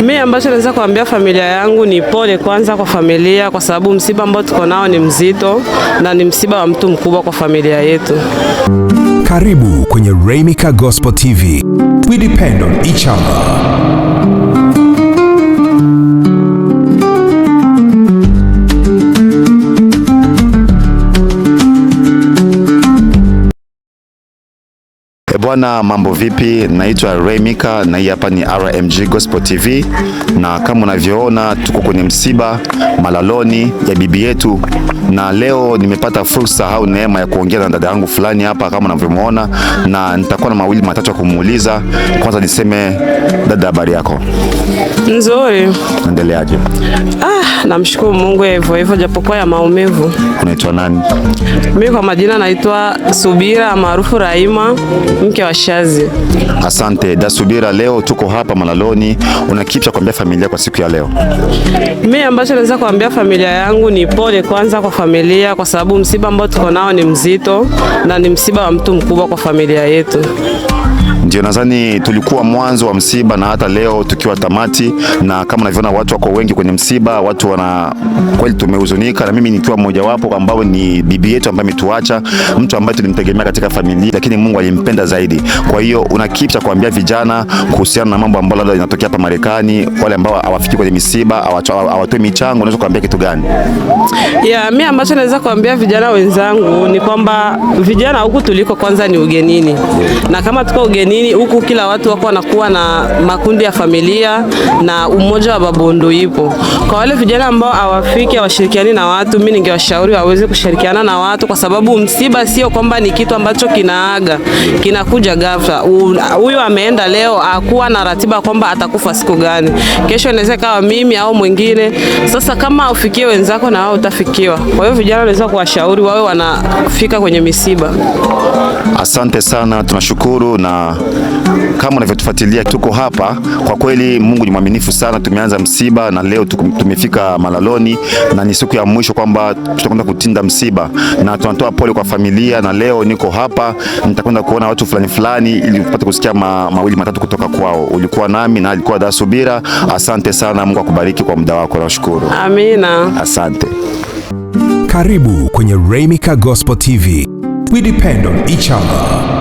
Mimi ambacho naweza kuambia familia yangu ni pole kwanza kwa familia, kwa sababu msiba ambao tuko nao ni mzito na ni msiba wa mtu mkubwa kwa familia yetu. Karibu kwenye Remika Gospel TV. We depend on each other. Bwana, mambo vipi? Naitwa Ray Mika na hii hapa ni RMG Gospel TV, na kama unavyoona tuko kwenye msiba malaloni ya bibi yetu na leo nimepata fursa au neema ya kuongea na dada yangu fulani hapa kama unavyomuona, na nitakuwa na mawili matatu ya kumuuliza. Kwanza niseme dada, habari yako? Nzuri. Endeleaje? Ah, namshukuru Mungu hivyo hivyo japokuwa ya maumivu. Unaitwa nani? Mimi kwa majina naitwa Subira maarufu Raima, mke wa Shazi. Asante da Subira, leo tuko hapa Malaloni, una kipi cha kuambia familia kwa siku ya leo? Mimi ambacho naweza kuambia familia yangu ni pole kwanza kwa familia, kwa sababu msiba ambao tuko nao ni mzito na ni msiba wa mtu mkubwa kwa familia yetu. Ndio nadhani tulikuwa mwanzo wa msiba na hata leo tukiwa tamati, na kama unavyoona watu wako wengi kwenye msiba, watu wana kweli tumehuzunika, na mimi nikiwa mmoja wapo, ambao ni bibi yetu ambaye ametuacha, mtu ambaye tulimtegemea katika familia, lakini Mungu alimpenda zaidi. Kwa hiyo una kipi cha kuambia vijana kuhusiana na mambo ambayo labda yanatokea hapa Marekani, wale ambao hawafiki kwenye misiba, hawatoi michango, unaweza kuambia kitu gani? Yeah, mimi ambacho naweza kuambia vijana wenzangu ni kwamba vijana huku tuliko kwanza ni ugenini, na kama tuko ugenini nini huku, kila watu wako wanakuwa na makundi ya familia na umoja wa Babondo ipo. Kwa wale vijana ambao hawafiki hawashirikiani na watu, mimi ningewashauri waweze kushirikiana na watu, kwa sababu msiba sio kwamba ni kitu ambacho kinaaga kinakuja ghafla. Huyu ameenda leo, akuwa na ratiba kwamba atakufa siku gani, kesho inaweza kawa mimi au mwingine. Sasa kama ufikie wenzako na wao utafikiwa. Kwa hiyo vijana naweza kuwashauri wawe wanafika kwenye misiba. Asante sana, tunashukuru na kama unavyotufuatilia tuko hapa. Kwa kweli Mungu ni mwaminifu sana. Tumeanza msiba na leo tumefika Malaloni na ni siku ya mwisho kwamba tutakwenda kutinda msiba, na tunatoa pole kwa familia. Na leo niko hapa, nitakwenda kuona watu fulani fulani ili upate kusikia ma, mawili matatu kutoka kwao. Ulikuwa nami na alikuwa Da Subira. Asante sana, Mungu akubariki kwa muda wako, nashukuru. Amina, asante. Karibu kwenye Remika Gospel TV. We depend on each other.